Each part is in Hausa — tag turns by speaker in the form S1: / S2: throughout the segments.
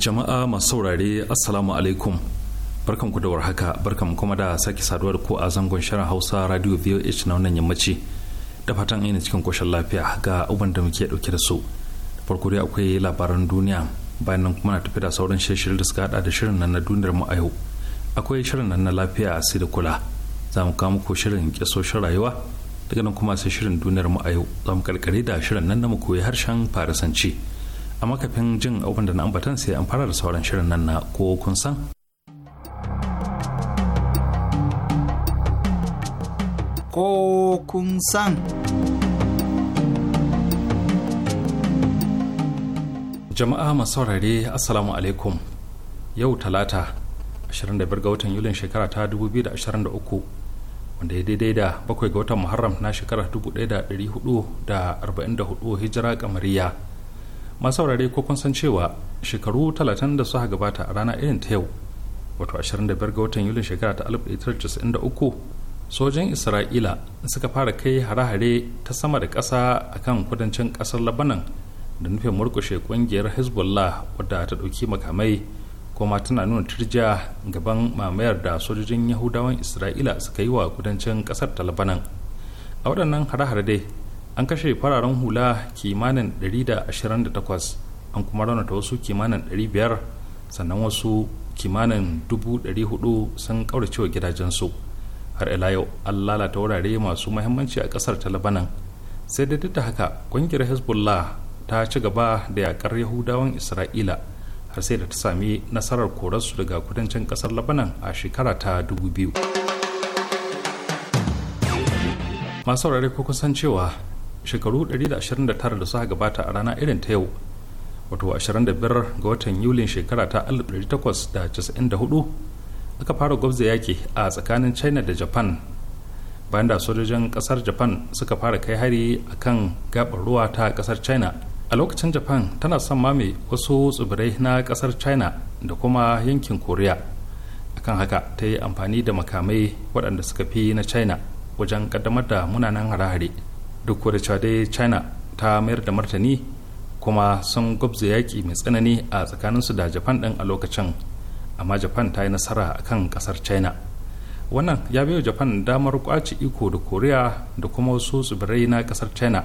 S1: jama'a masu saurare assalamu alaikum barkan ku da warhaka barkan kuma da sake saduwa da ku a zangon shirin hausa radio voh na wannan yammaci da fatan ina cikin koshin lafiya ga uban da muke dauke da su farko dai akwai labaran duniya bayan nan kuma na tafi da sauran shirin da suka hada da shirin nan na duniyar mu a yau akwai shirin nan na lafiya sai da kula za mu kawo muku shirin kyasoshin rayuwa daga nan kuma sai shirin duniyar mu a yau za mu karkare da shirin nan na mu koyi harshen farisanci a makafin jin abin da na ambatan sai an fara da sauran shirin nan na ko kun san san jama'a masu saurare assalamu alaikum yau talata 25 ga watan yulin shekara ta 2023 wanda ya daidai da bakwai ga watan muharram na shekara 1444 hijira kamariya masaurare ko kun san cewa shekaru 30 da suka gabata a rana irin ta yau wato 25 ga watan yulin shekara ta 1993 sojan isra'ila suka fara kai hare-hare ta sama da ƙasa kan kudancin ƙasar labanan da nufin murkushe ƙungiyar hezbollah wadda ta ɗauki makamai kuma tana nuna turjiya gaban mamayar da sojojin yahudawan isra'ila suka yi wa kudancin ƙasar ta labanan a waɗannan hare-hare dai an kashe fararen hula kimanin 128 an kuma raunata wasu kimanin 500 sannan wasu kimanin 400 sun kauracewa gidajensu har ila yau an lalata wurare masu mahimmanci a kasar ta labanan sai da duk da haka kungiyar hezbollah ta ci gaba da yakar yahudawan isra'ila har sai da ta sami nasarar korarsu daga kudancin kasar labanan a shekara ta 2000 masu saurare ko kusan cewa shekaru 129 da suka gabata a rana irin ta yau wato 25 ga watan yulin shekara ta 1894 aka fara gwabza yaki a tsakanin china da japan bayan da sojojin kasar japan suka fara kai hari a kan gabar ruwa ta kasar china a lokacin japan tana son mame wasu tsibirai na kasar china da kuma yankin korea akan haka ta yi amfani da makamai waɗanda suka fi na china wajen ƙaddamar da munanan hare-hare duk da cewa dai china ta mayar da martani kuma sun gwabza yaƙi mai tsanani a tsakaninsu da japan ɗin a lokacin amma japan ta yi nasara a kan ƙasar china wannan ya biyo japan damar kwaci iko da koriya da kuma wasu tsibirai na ƙasar china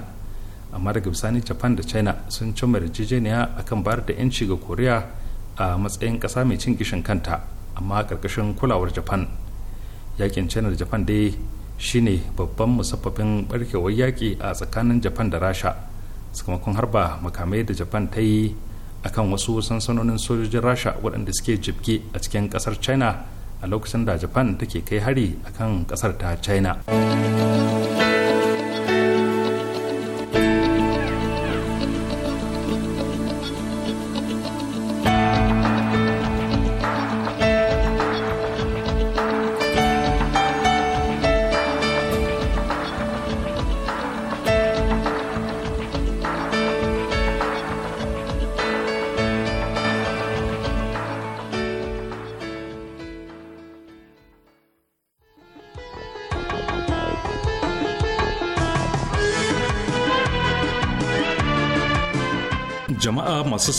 S1: amma daga bisani japan da china sun cimma yarjejeniya akan bayar da 'yanci ga koriya a matsayin ƙasa mai cin gishin kanta amma ƙarƙashin kulawar japan yaƙin china da japan dai shine babban musabbabin barkewar yaƙi a tsakanin japan da rasha sakamakon harba makamai da japan ta yi akan wasu sansanonin sojojin rasha waɗanda suke jibge a cikin ƙasar china a lokacin da japan take kai hari akan ƙasar ta china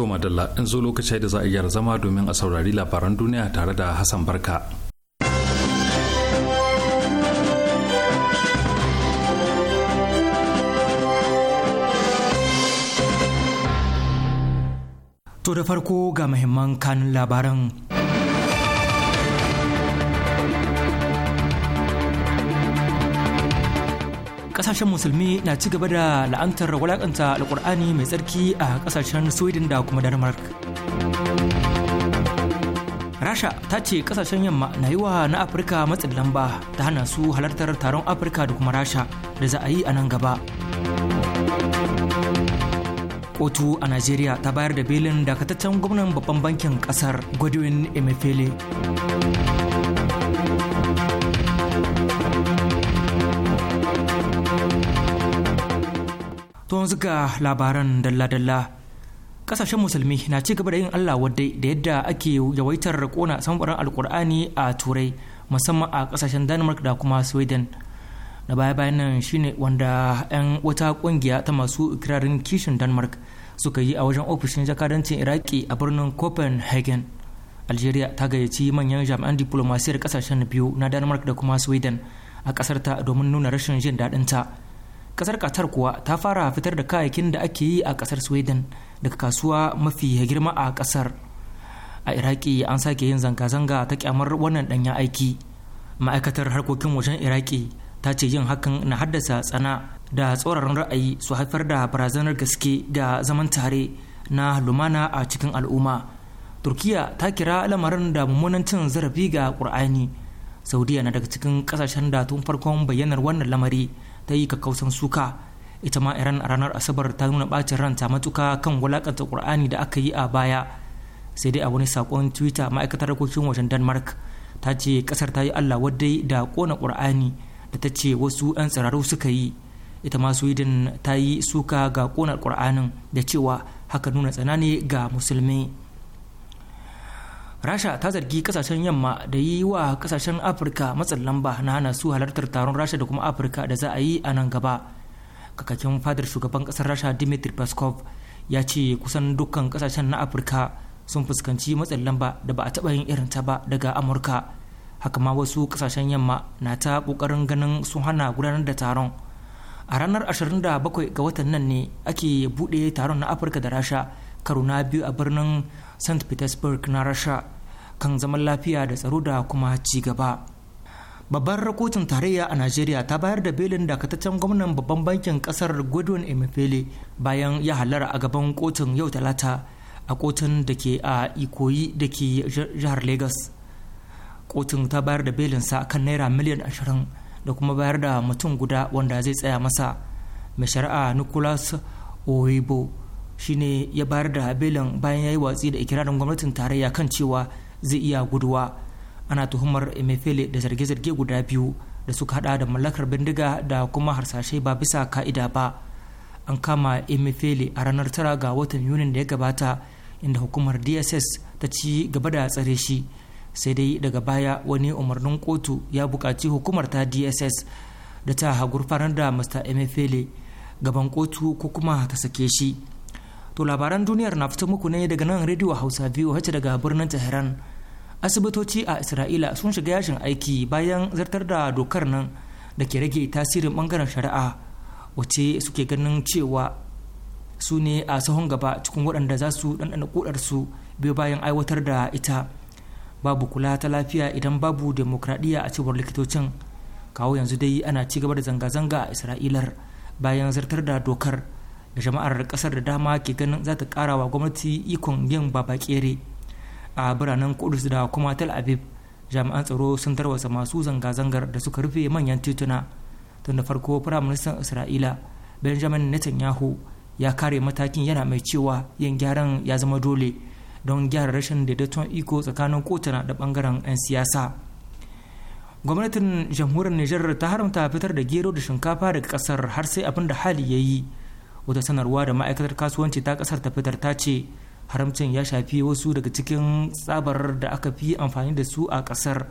S1: to madalla in zo lokaci da za a yi zama domin a saurari labaran duniya tare da hassan barka
S2: to da farko ga muhimman kanun labaran kasashen musulmi na ci gaba da la'antar walakanta alkur'ani mai tsarki a kasashen sweden da kuma denmark rasha ta ce kasashen yamma na yi wa na afirka matsin lamba ta hana su halartar taron afirka da kuma rasha da za a yi a nan gaba kotu a najeriya ta bayar da belin dakataccen gwamnan babban bankin kasar godwin emefiele To labaran dalla-dalla. Kasashen musulmi na ci gaba da yin Allah wadai da yadda ake yawaitar kona samfuran alkur'ani a turai musamman a kasashen danmark da kuma Sweden. Na baya-bayan nan shine wanda 'yan wata kungiya ta masu ikirarin kishin danmark suka yi a wajen ofishin jakadancin Iraki a birnin Copenhagen. Algeria ta gayyaci manyan jami'an diplomasiyar kasashen biyu na danmark da kuma Sweden a kasarta domin nuna rashin jin daɗinta ta kasar qatar kuwa ta fara fitar da kayayyakin da ake yi a kasar sweden daga kasuwa mafi girma a kasar a iraki an sake yin zanga-zanga ta kyamar wannan danyen aiki ma'aikatar harkokin wajen iraki ta ce yin hakan na haddasa tsana da tsoron ra'ayi su haifar da barazanar gaske ga zaman tare na lumana a cikin al'umma turkiya ta kira lamarin da mummunan cin zarafi ga ƙur'ani saudiya na daga cikin kasashen da tun farkon bayyanar wannan lamari ta yi kakkausan suka ita ma iran ranar asabar ta nuna bacin ranta matuka kan wulakanta kur'ani da aka yi a baya sai dai a wani sakon twitter ma'aikatar harkokin wajen denmark ta ce kasar ta yi allah wadai da kona kur'ani da ta ce wasu 'yan tsiraru suka yi ita ma sweden ta yi suka ga kona kur'anin da cewa haka nuna tsanani ga musulmi rasha ta zargi kasashen yamma da yi wa kasashen afirka matsin lamba na hana su halartar taron rasha da kuma afirka da za a yi a nan gaba kakakin fadar shugaban kasar rasha dimitri peskov ya ce kusan dukkan kasashen na afirka sun fuskanci matsin lamba da ba a taba yin irin ta ba daga amurka haka ma wasu kasashen yamma na ta kokarin ganin sun hana gudanar da taron a ranar 27 ga watan nan ne ake buɗe taron na afirka da rasha karo na biyu a birnin st petersburg na rasha kan zaman lafiya da tsaro da kuma ci gaba babbar kotun tarayya a najeriya ta bayar da belin dakataccen gwamnan babban bankin kasar godwin emefiele bayan ya halara a gaban kotun yau talata a kotun da ke a ikoyi da ke jihar lagos kotun ta bayar da belinsa kan naira miliyan ashirin da kuma bayar da mutum guda wanda zai tsaya masa mai shari'a nicholas oyibo shine ya bayar da belin bayan ya yi watsi da ikirarin gwamnatin tarayya kan cewa zai iya guduwa ana tuhumar emefele da zarge-zarge guda biyu da suka hada da mallakar bindiga da kuma harsashe ba bisa ka'ida ba an kama emefele a ranar tara ga watan yunin da ya gabata inda hukumar dss ta ci gaba da tsare shi sai dai daga baya wani umarnin kotu ya bukaci hukumar ta dss da ta gurfanar da mr emefele gaban kotu ko kuma ta sake shi To labaran duniyar na fito muku ne daga nan Radio Hausa biyu wacce daga birnin Tehran. Asibitoci a Isra'ila sun shiga yashin aiki bayan zartar da dokar nan da ke rage tasirin bangaren shari'a wace suke ganin cewa su ne a sahun gaba cikin waɗanda za su ɗanɗana kudarsu biyu bayan aiwatar da ita. Babu kula ta lafiya idan babu demokradiyya a cewar likitocin. Kawo yanzu dai ana ci gaba da zanga-zanga a Isra'ilar bayan zartar da dokar. da jama'ar kasar da dama ke ganin za ta kara wa gwamnati ikon yin babakere a biranen kudus da kuma tel aviv jami'an tsaro sun tarwasa masu zanga-zangar da suka rufe manyan tituna tun da farko firaministan isra'ila benjamin netanyahu ya kare matakin yana mai cewa yin gyaran ya zama dole don gyara rashin daidaiton iko tsakanin kotuna da bangaren 'yan siyasa gwamnatin jamhuriyar nijar ta haramta fitar da gero da shinkafa daga kasar har sai abin da hali ya yi wata sanarwa da ma'aikatar kasuwanci ta kasar ta fitar ta ce haramcin ya shafi wasu daga cikin tsabar da aka fi amfani da su a kasar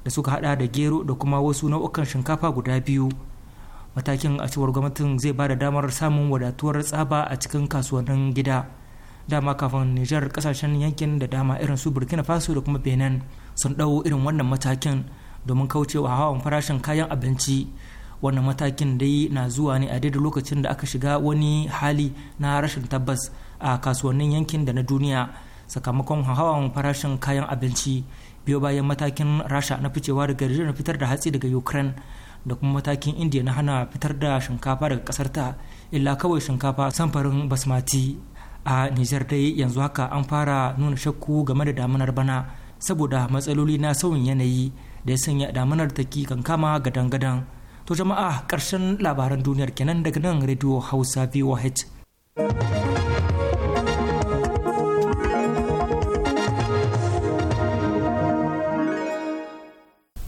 S2: da suka hada da gero da kuma wasu nau'ukan shinkafa guda biyu matakin a cewar gwamnatin zai ba da damar samun wadatuwar tsaba a cikin kasuwannin gida dama kafin nijar kasashen yankin da dama irin su burkina faso da kuma benin sun dau irin wannan matakin domin kaucewa hawan farashin kayan abinci wannan matakin dai na zuwa ne a daidai lokacin da aka shiga wani hali na rashin tabbas a kasuwannin yankin da na duniya sakamakon hawan farashin kayan abinci biyo bayan matakin rasha na ficewa daga na fitar da hatsi daga ukraine da kuma matakin india na hana fitar da shinkafa daga kasar ta illa kawai shinkafa samfarin basmati a nijar dai yanzu haka an fara nuna shakku game da damunar bana saboda matsaloli na sauyin yanayi da ya sanya damunar ta ki kankama gadan-gadan to jama'a ƙarshen labaran duniyar kenan daga nan radio hausa voh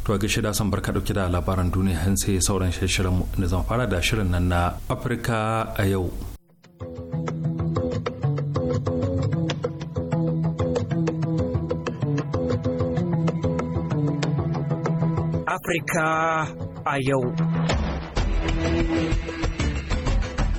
S1: To ga shida son barka dauke da labaran duniya har sai sauran shirin mu da zan fara da shirin nan na Afirka a yau.
S2: Afirka a yau.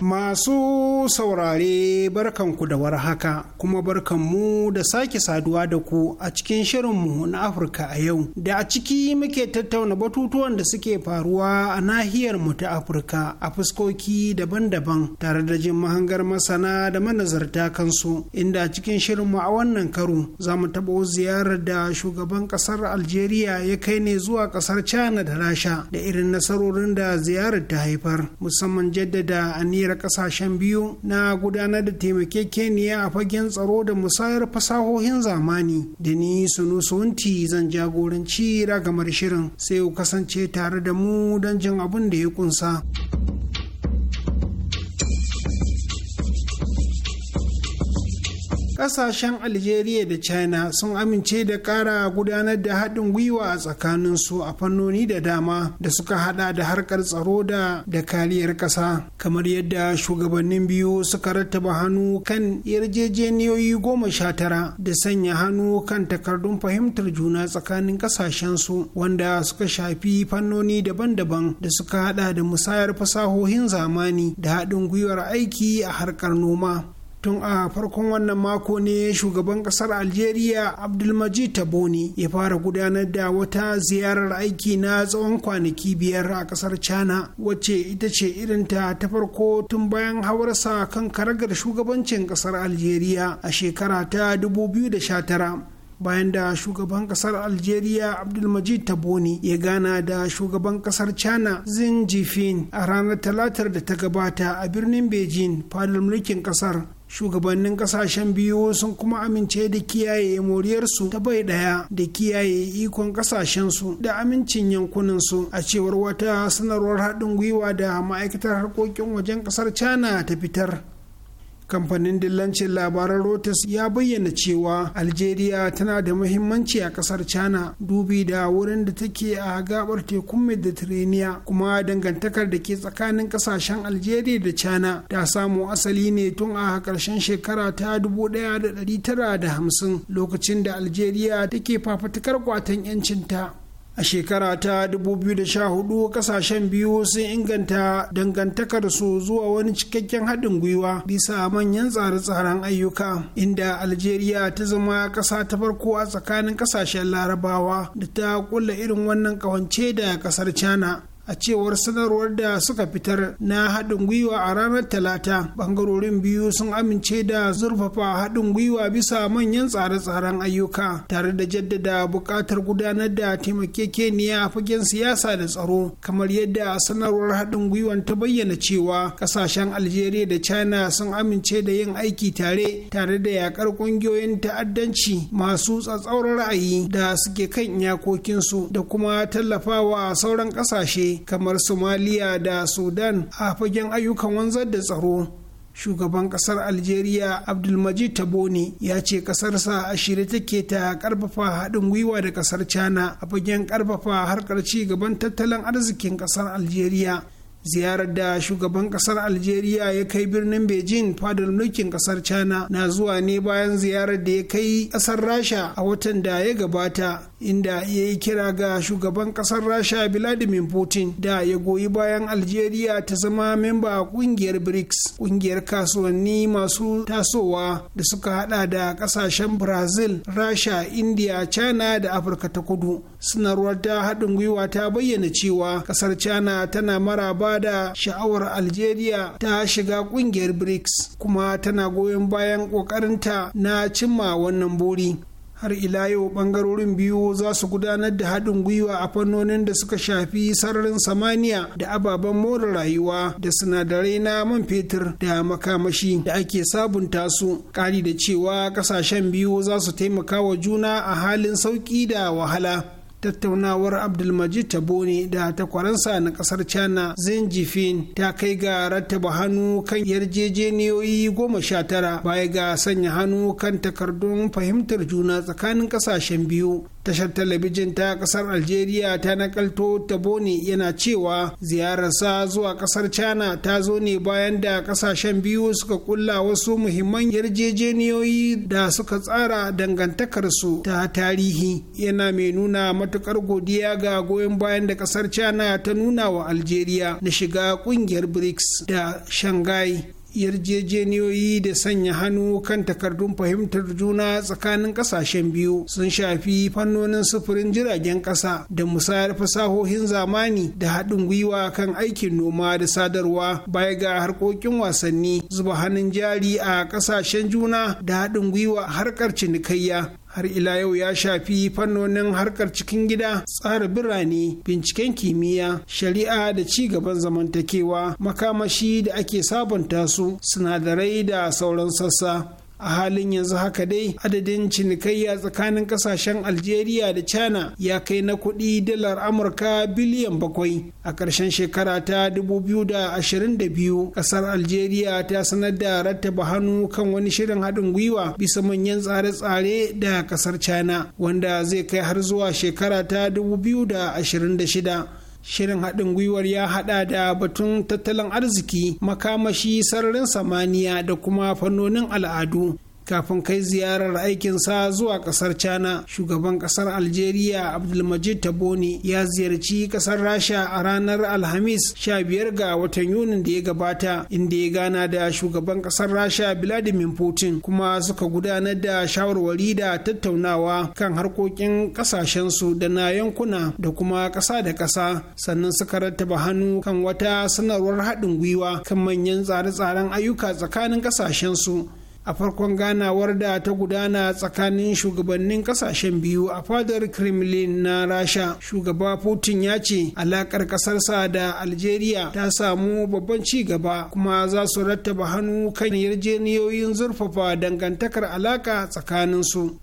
S3: Masu saurare barkan ku da war haka kuma mu da sake saduwa da ku a cikin shirin mu na Afirka a yau da a ciki muke tattauna batutuwan da suke faruwa a nahiyar mu ta Afirka a fuskoki daban-daban tare da jin mahangar masana da manazarta kansu inda a cikin mu a wannan karo za mu taɓo ziyarar da shugaban ƙasar Algeria ya kai ne zuwa ƙasar China da Rasha da irin nasarorin da ziyarar ta haifar musamman jaddada aniyar aniyar kasashen biyu na gudanar da keniya a fagen tsaro da musayar fasahohin zamani da ni sunu sunti zan jagoranci ragamar shirin sai ku kasance tare da mu don jin abin da ya kunsa. kasashen algeria da china sun amince da kara gudanar da haɗin gwiwa a tsakaninsu a fannoni da dama da suka hada da harkar tsaro da da kariyar ƙasa kamar yadda shugabannin biyu suka rattaba hannu kan yarjejeniyoyi goma sha tara da sanya hannu kan takardun fahimtar juna tsakanin su wanda suka shafi fannoni daban-daban da suka hada da musayar fasahohin zamani da haɗin gwiwar aiki a harkar noma tun a farkon wannan mako ne shugaban kasar algeria abdulmajid taboni ya fara gudanar da wata ziyarar aiki na tsawon kwanaki biyar a kasar china wacce ita ce irin ta ta farko tun bayan hawarsa kan karagar shugabancin kasar algeria a shekara ta 2019 bayan da shugaban kasar algeria abdulmajid taboni ya gana da shugaban kasar china zin jifin a ranar talatar da ta gabata a birnin beijing fadar mulkin kasar shugabannin kasashen biyu sun kuma amince da kiyaye moriyarsu ta bai daya da kiyaye ikon kasashensu da amincin yankuninsu a cewar wata sanarwar haɗin gwiwa da ma'aikatar harkokin wajen ƙasar china ta fitar kamfanin dillancin labaran Reuters ya bayyana cewa Algeria tana da muhimmanci a kasar China dubi da wurin da take a gabar tekun Mediterranean kuma dangantakar da ke tsakanin kasashen Algeria da China ta samu asali ne tun a karshen shekara ta 1950 lokacin da Algeria take fafutukar kwatan 'yancinta A shekara ta 2014 kasashen biyu sun inganta dangantakarsu zuwa wani cikakken haɗin gwiwa bisa manyan tsare-tsaren ayyuka inda Algeria ta zama ƙasa ta farko a tsakanin kasashen larabawa da ta kulla irin wannan ƙawance da ƙasar China. a cewar sanarwar da suka fitar na haɗin gwiwa a ranar talata bangarorin biyu sun amince da zurfafa haɗin gwiwa bisa manyan tsare-tsaren ayyuka tare da jaddada buƙatar gudanar da taimakekeniya a fagen siyasa da tsaro kamar yadda sanarwar haɗin gwiwan ta bayyana cewa ƙasashen algeria da china sun amince da yin aiki tare tare da yakar ƙungiyoyin ta'addanci masu tsatsauran ra'ayi da suke kan iyakokinsu da kuma tallafawa sauran ƙasashe kamar somaliya da sudan a fagen ayyukan wanzar da tsaro shugaban kasar algeria abdulmajid tabone ya ce kasarsa a shirye take ta karfafa haɗin gwiwa da kasar china a fagen karfafa harkar ci gaban tattalin arzikin kasar algeria ziyarar da shugaban kasar algeria ya kai birnin beijing fadar mulkin kasar china na zuwa ne bayan ziyarar da ya kai kasar rasha a watan da ya gabata inda ya yi kira ga shugaban kasar rasha vladimir putin da ya goyi bayan algeria ta zama memba kungiyar brics kungiyar kasuwanni masu tasowa da suka hada da kasashen brazil rasha india china da afirka ta kudu sanarwar ta haɗin gwiwa ta bayyana cewa kasar china tana maraba da sha'awar algeria ta shiga kungiyar brics kuma tana goyon bayan ƙoƙarinta na cimma wannan buri har ila yau bangarorin biyu za su gudanar da haɗin gwiwa a fannonin da suka shafi sararin samaniya da ababen more rayuwa da sinadarai na man fetur da makamashi da ake sabunta su ƙari da cewa ƙasashen biyu za su taimaka wa juna a halin sauƙi da wahala tattaunawar abdulmajid tabone da takwaransa na kasar china zin ta kai ga rattaba hannu kan yarjejeniyoyi goma sha tara baya ga sanya hannu kan takardun fahimtar juna tsakanin kasashen biyu tashar talabijin ta kasar algeria ta nakalto taboni yana cewa ziyararsa zuwa kasar china ta zo ne bayan da kasashen biyu suka kulla wasu muhimman yarjejeniyoyi da suka tsara dangantakarsu ta tarihi yana mai nuna matukar godiya ga goyon bayan da kasar china ta nuna wa algeria na shiga kungiyar brics da shanghai yarjejeniyoyi da sanya hannu kan takardun fahimtar juna tsakanin kasashen biyu sun shafi fannonin sufurin jiragen kasa da musayar fasahohin zamani da haɗin gwiwa kan aikin noma da sadarwa baya ga harkokin wasanni zuba hannun jari a kasashen juna da haɗin gwiwa harkar cinikayya har ila yau ya shafi fannonin harkar cikin gida tsara birane binciken kimiyya shari'a da ci gaban zamantakewa makamashi da ake sabunta su sinadarai da sauran sassa a halin yanzu haka dai adadin cinikayya tsakanin kasashen algeria da china ya kai na kuɗi dalar amurka biliyan bakwai a ƙarshen shekara ta 2022 ƙasar algeria ta sanar da rattaba hannu kan wani shirin haɗin gwiwa bisa manyan tsare-tsare da ƙasar china wanda zai kai har zuwa shekara ta 2026 shirin haɗin gwiwar ya haɗa da batun tattalin arziki makamashi sararin samaniya da kuma fannonin al'adu kafin kai ziyarar aikinsa zuwa kasar China. Shugaban kasar Algeria Abdulmajid Taboni ya ziyarci kasar Rasha a ranar Alhamis 15 ga watan Yunin da ya gabata inda ya gana da shugaban kasar Rasha Vladimir Putin kuma suka gudanar da shawarwari da tattaunawa kan harkokin kasashensu da na yankuna da kuma kasa da kasa sannan suka rattaba hannu kan wata sanarwar haɗin gwiwa kan manyan tsare-tsaren ayyuka tsakanin ƙasashensu a farkon ganawar da ta gudana tsakanin shugabannin kasashen biyu a fadar kremlin na rasha shugaba putin ya ce alakar kasarsa da algeria ta samu babban ci gaba kuma za su rattaba hannu kan yarjeniyoyin zurfafa dangantakar alaka su.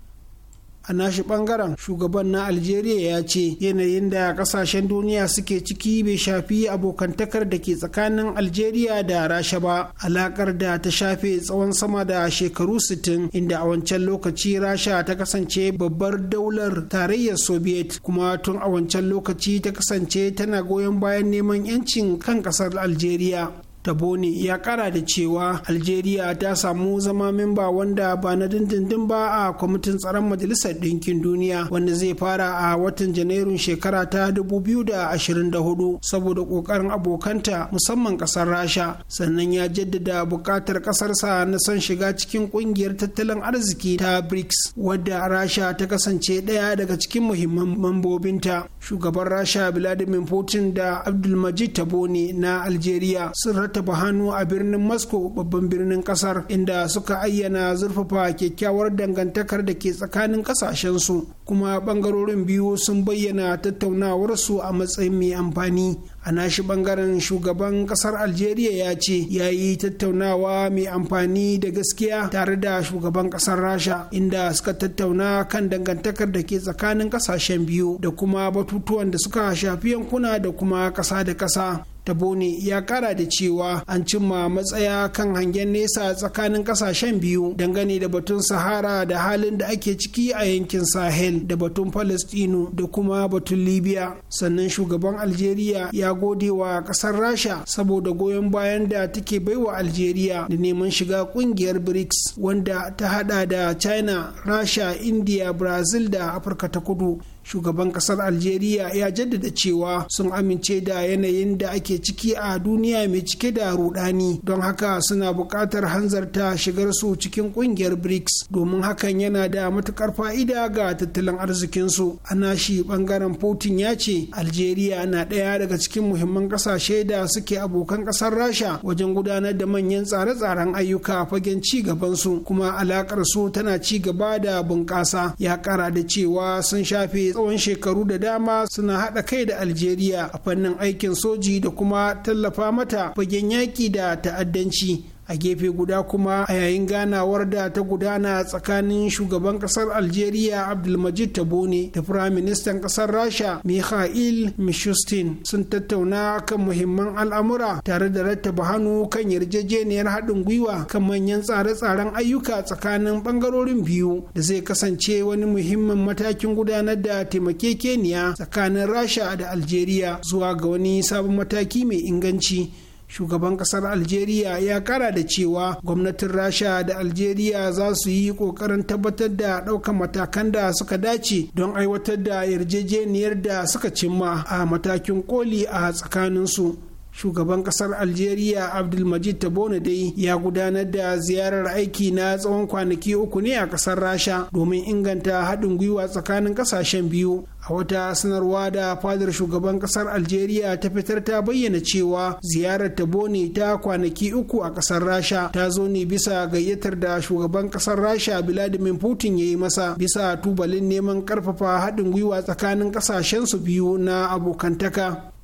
S3: a nashi bangaren shugaban na algeria ya ce yanayin da kasashen duniya suke ciki bai shafi abokantakar da ke tsakanin algeria da rasha ba alakar da ta shafe tsawon sama da shekaru 60 inda a wancan lokaci rasha ta kasance babbar daular tarayyar soviet kuma tun a wancan lokaci ta kasance tana goyon bayan neman 'yancin kan kasar algeria boni ya kara da cewa algeria ta samu zama memba wanda ba na dindindin ba a kwamitin tsaron majalisar ɗinkin duniya wanda zai fara a watan janairun shekara ta 2024 saboda ƙoƙarin abokanta musamman ƙasar rasha sannan ya jaddada buƙatar ƙasarsa na son shiga cikin ƙungiyar tattalin arziki ta brics wadda rasha ta kasance ɗaya daga cikin muhimman membobinta shugaban rasha vladimir putin da abdulmajid taboni na algeria sun martaba hannu a birnin moscow babban birnin kasar inda suka ayyana zurfafa kyakkyawar dangantakar da ke tsakanin kasashensu kuma bangarorin biyu sun bayyana tattaunawarsu a matsayin mai amfani a nashi bangaren shugaban kasar algeria ya ce ya yi tattaunawa mai amfani da gaskiya tare da shugaban kasar rasha inda suka tattauna kan dangantakar da ke tsakanin kasashen biyu da kuma batutuwan da suka shafi yankuna da kuma kasa da kasa tabone ya kara da cewa an cimma matsaya kan hangen nesa tsakanin kasashen biyu dangane da batun sahara da halin da ake ciki a yankin sahel da batun palestino da kuma batun libya sannan shugaban algeria ya gode wa kasar rasha saboda goyon bayan da take baiwa algeria da neman shiga kungiyar brics wanda ta hada da china rasha india brazil da afirka ta kudu shugaban kasar algeria ya jaddada cewa sun amince da yanayin da ake ciki a duniya mai cike da rudani don haka suna buƙatar hanzarta shigar su cikin ƙungiyar brics domin hakan yana da matukar fa'ida ga tattalin arzikinsu a nashi ɓangaren putin ya ce algeria na ɗaya daga cikin muhimman ƙasashe da suke abokan ƙasar rasha wajen gudanar da manyan tsare-tsaren ayyuka fagen ci su kuma alaƙar su tana ci gaba da bunƙasa ya ƙara da cewa sun shafe tsawon shekaru da dama suna haɗa kai da algeria a fannin aikin soji da kuma tallafa mata fagen yaƙi da ta'addanci a gefe guda kuma a yayin ganawar da ta gudana tsakanin shugaban kasar algeria abdulmajid tabone da firaministan kasar rasha mikhail mishustin sun tattauna kan muhimman al'amura tare da rattaba hannu kan yarjejeniyar haɗin gwiwa kan manyan tsare-tsaren ayyuka tsakanin ɓangarorin biyu da zai kasance wani muhimmin matakin gudanar da taimakekeniya tsakanin rasha da algeria zuwa ga wani sabon mataki mai inganci shugaban kasar algeria ya kara da cewa gwamnatin rasha da algeria za su yi kokarin tabbatar da ɗaukan matakan da suka dace don aiwatar da yarjejeniyar da suka cimma a matakin koli a tsakaninsu shugaban kasar algeria abdulmajid tabone dai ya gudanar da ziyarar aiki na tsawon kwanaki uku ne a kasar rasha domin inganta haɗin gwiwa tsakanin ƙasashen biyu a wata sanarwa da fadar shugaban kasar algeria ta fitar ta bayyana cewa ziyarar tabone ta kwanaki uku a kasar rasha ta zo ne bisa gayyatar da shugaban kasar rasha vladimir putin ya yi masa bisa tubalin neman ƙarfafa haɗin gwiwa tsakanin ƙasashen su biyu na abokantaka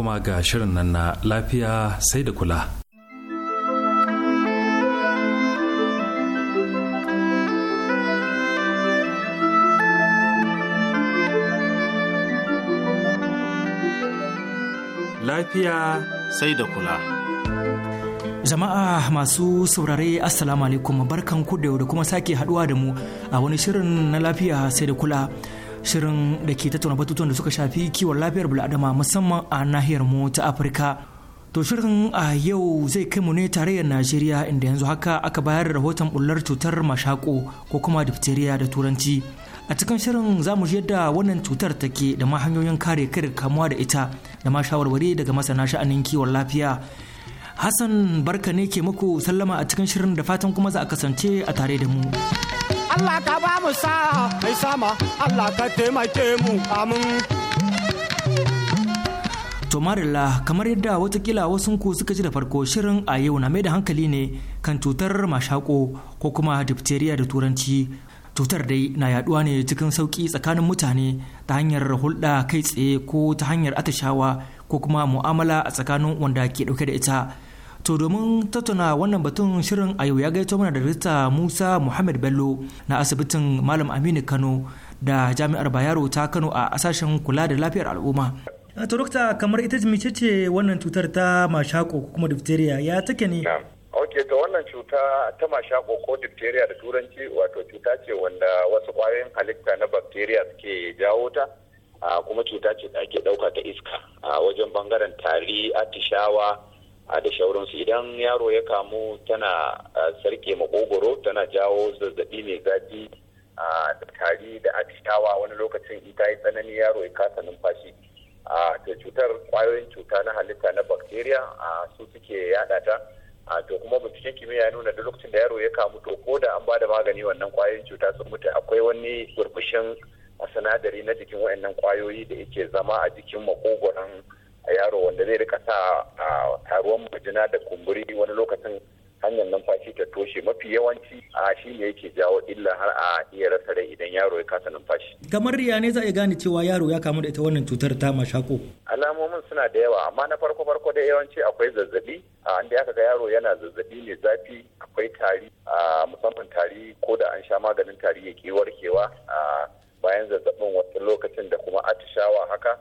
S1: kuma ga shirin nan na lafiya sai da kula.
S2: Lafiya
S1: sai da kula.
S2: Jama'a masu saurare Assalamu alaikum barkan ku da kuma sake haduwa da mu a wani shirin na lafiya sai da kula. shirin da ke tattauna batutuwan da suka shafi kiwon lafiyar bil'adama musamman a nahiyar mu ta afirka to shirin a yau zai kai mu ne tarayyar najeriya inda yanzu haka aka bayar da rahoton bullar cutar mashako ko kuma diphtheria da turanci a cikin shirin za mu yadda wannan cutar take da ma hanyoyin kare kai kamuwa da ita da ma shawarwari daga masana sha'anin kiwon lafiya Hassan barka ne ke muku sallama a cikin shirin da fatan kuma za a kasance a tare da mu. Allah ka ba mu sa'a mai sama Allah ka taimake mu amin. To kamar yadda watakila wasu ku suka ji da farko shirin a yau na mai da hankali ne kan cutar mashako ko kuma diphtheria da turanci. Cutar dai na yaduwa ne cikin sauki tsakanin mutane ta hanyar hulɗa kai tsaye ko ta hanyar atashawa ko kuma mu'amala a tsakanin wanda ke dauke da ita. To domin tattauna wannan batun shirin a yau ya gaito mana da Rita Musa Muhammad Bello na asibitin Malam Aminu Kano da Jami'ar Bayero ta Kano a sashen kula da lafiyar al'umma. Ah, to dokta kamar ita mice ce wannan cutar ta mashako ko kuma diphtheria ya take ne?
S4: Ok, to wannan cuta ta mashako ko diphtheria da turanci wato cuta ce wanda wasu kwayoyin halitta na bacteria suke jawo ta. Ah, kuma cuta ce da ake ɗauka ta iska a ah, wajen bangaren tari, atishawa, a da shauransu idan yaro ya kamu tana sarke makogoro tana jawo zazzabi mai zafi da tari da atishawa wani lokacin ita yi tsanani yaro ya kasa numfashi da cutar kwayoyin cuta na halitta na bacteria su suke yada ta a to kuma binciken kimiyya ya nuna da lokacin da yaro ya kamu to ko da an ba da magani wannan kwayoyin cuta sun mutu akwai wani burbushin sinadari na jikin waɗannan kwayoyi da yake zama a jikin makogoron a yaro wanda zai rika sa a taruwan majina da kumburi wani lokacin hanyar numfashi ta toshe mafi yawanci a shi ne yake jawo illa har a iya rasa rai idan yaro ya kasa numfashi.
S2: Kamar riya ne za a gane cewa yaro ya kamu da ita wannan cutar ta mashako?
S4: Alamomin suna da yawa amma na farko farko da yawanci akwai zazzabi a inda aka ga yaro yana zazzabi mai zafi akwai tari a musamman tari ko da an sha maganin tari ya ke warkewa a bayan zazzabin wasu lokacin da kuma atishawa haka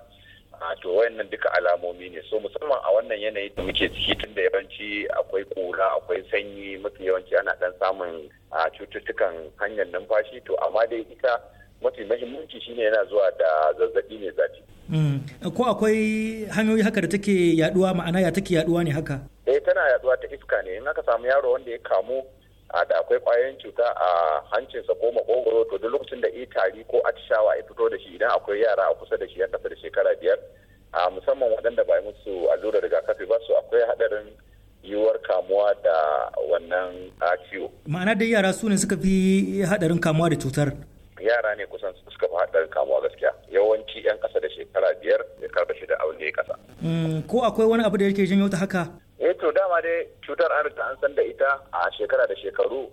S4: to wayannan duka alamomi ne so musamman a wannan yanayi da muke ciki tun da yawanci akwai kura akwai sanyi mafi yawanci ana dan samun a cututtukan hanyar numfashi to amma dai ita mafi mahimmanci shine yana zuwa da zazzabi ne zafi
S2: mm. ko akwai hanyoyi haka da take yaduwa ma'ana ya take yaduwa ne haka
S4: eh tana yaduwa ta iska ne in aka samu yaro wanda ya kamu a da akwai kwayoyin cuta a hancinsa ko makogoro to duk lokacin da i ko atishawa ya fito da shi idan akwai yara a kusa da shi yan kasa da shekara biyar a musamman waɗanda ba musu allurar rigakafi ba su akwai haɗarin yiwuwar kamuwa da wannan ciwo.
S2: ma'ana dai yara su ne suka fi haɗarin kamuwa da cutar.
S4: yara ne kusan suka fi haɗar kamuwa gaskiya yawanci 'yan ƙasa da shekara
S2: biyar shekara da shida abin da ya ƙasa. Mm, ko akwai wani abu da yake janyo ta haka? eh to dama dai cutar
S4: an riga an san da ita a shekara da shekaru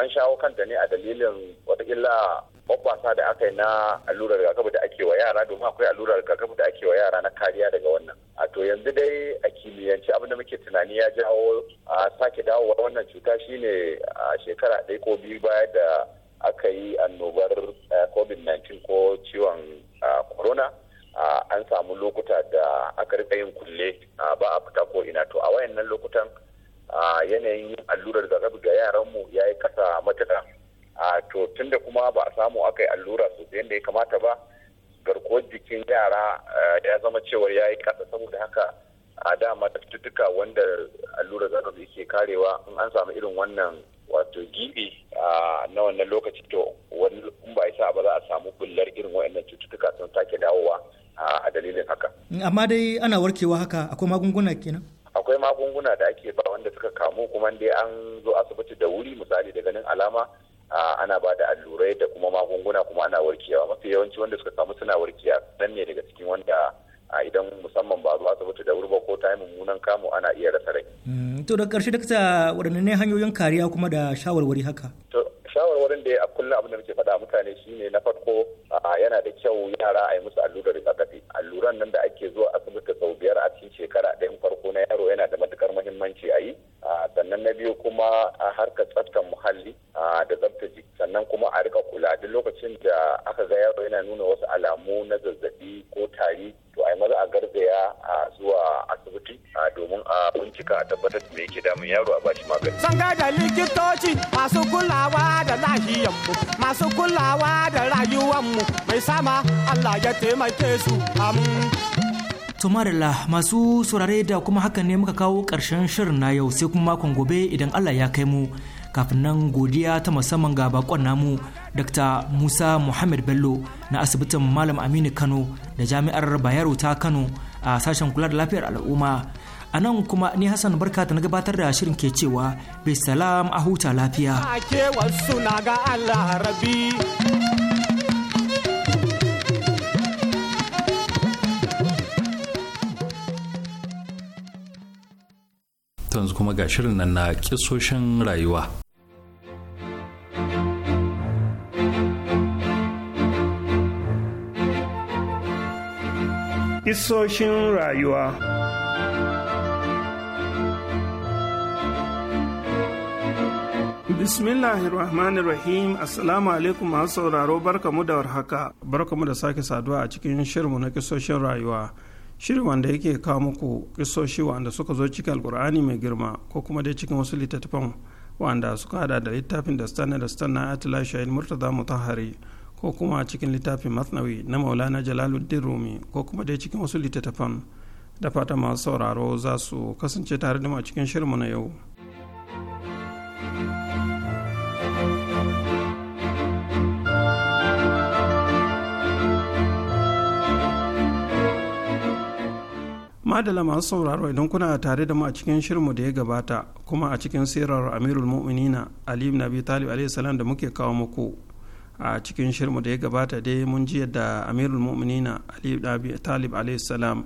S4: an shawo kanta ne a dalilin watakila kwakwasa da aka yi na allurar rigakafi da ake wa yara domin akwai allurar rigakafi da ake wa yara na kariya daga wannan a to yanzu dai a kimiyyance abin da muke tunani ya jawo a sake dawowa wannan cuta shine a shekara ɗaya ko biyu baya da aka yi annobar eh, covid-19 ko ciwon ah, corona ah, an samu lokuta da aka rika yin kulle ah, ba a fita ko ina to a wayannan lokutan yanayin yin allurar zagabi ga yaranmu ya yi kasa matuka to tun da kuma ba a samu aka yi allura sosai yadda ya kamata ba garkuwar jikin yara eh, ya zama cewar ya yi kasa saboda haka a dama da cututtuka wanda allurar zagabi ke karewa in an samu irin wannan wato gibi na wannan lokaci to wani in ba sa ba za a samu bullar irin wayannan cututtuka sun take dawowa a dalilin haka
S2: amma dai ana warkewa haka akwai magunguna kenan
S4: akwai magunguna da ake ba wanda suka kamu kuma dai an zo asibiti da wuri misali da ganin alama ana ba da allurai da kuma magunguna kuma ana warkewa mafi yawanci wanda suka kamu suna warkewa nan ne daga cikin wanda a idan musamman ba zuwa asibiti da wuri ba ko ta yi mummunan kamu ana iya rasa rai.
S2: Mm, to da ƙarshe dakta waɗanne hanyoyin kariya kuma da shawarwari haka.
S4: to shawarwarin da a kullum abin da muke faɗa mutane shine na farko yana da kyau yara a yi musu allurar rigakafi alluran nan da ake zuwa asibiti sau biyar a cikin shekara ɗayan farko na yaro yana da matukar muhimmanci a yi sannan na biyu kuma a harkar tsaftar muhalli da tsaftar sannan kuma a rika kula duk lokacin da aka ga yaro yana nuna wasu alamu na zazzabi ko tari to a yi maza a garzaya zuwa asibiti domin a bincika a tabbatar da yake damun yaro a bashi magani. Zan da
S2: likitoci masu kulawa da mu masu kulawa da mu
S4: mai sama Allah ya taimake su amin.
S2: Tumarila masu saurare da kuma hakan ne muka kawo ƙarshen shirin na yau sai kuma makon gobe idan Allah ya kai mu kafin nan godiya ta musamman ga bakon namu Dr. Musa Muhammad Bello na asibitin Malam Aminu Kano da Jami'ar Bayero ta Kano a sashen kula da lafiyar al'umma. A nan kuma ni Hassan Barka ta na gabatar da shirin ke cewa bai salam a huta lafiya. Allah
S1: to yanzu kuma ga shirin nan na kisoshin rayuwa
S5: Isoshin rayuwa Bismillahirrahmanirrahim Assalamu alaikum masu sauraro barkamu da warhaka barkamu da sake saduwa a cikin shirmu na kisoshin rayuwa shirin wanda yake kawo muku kisoshi wanda suka zo cikin alkur'ani mai girma ko kuma dai cikin wasu littattafan wanda suka hada da littafin da stanley da stanley atila shahid murtaza mutahari ko kuma cikin littafin masnawi na maulana jalaluddin rumi ko kuma dai cikin wasu littattafan da fata masu sauraro za su kasance tare da mu a cikin shirinmu na yau. madala masu sauraro idan kuna tare da mu a cikin shirinmu da ya gabata kuma a cikin sirar amirul mu'minina ali ibn abi talib alayhi salam da muke kawo muku a cikin shirinmu da ya gabata dai mun ji yadda amirul mu'minina ali ibn abi talib alayhi salam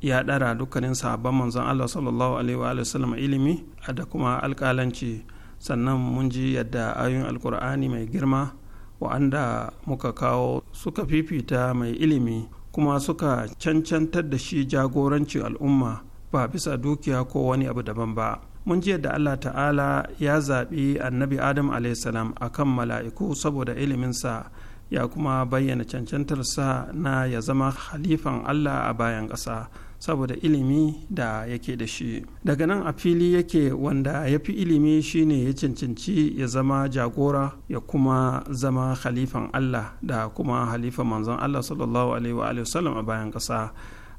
S5: ya dara dukkanin sahabban manzon Allah sallallahu alaihi wa sallam ilimi da kuma alƙalanci sannan mun ji yadda ayoyin alkur'ani mai girma wa'anda muka kawo suka fifita mai ilimi kuma suka cancantar da shi jagorancin al'umma ba bisa dukiya ko wani abu daban ba mun ji yadda allah ta'ala ya zaɓi annabi adam salam a kan mala'iku saboda iliminsa ya kuma bayyana cancantarsa na ya zama halifan allah a bayan ƙasa saboda ilimi da yake da shi daga nan a fili yake wanda ya fi ilimi shine ya cancanci ya zama jagora ya kuma zama halifan allah da kuma halifan manzon allah sallallahu alaihi wa sallam a bayan ƙasa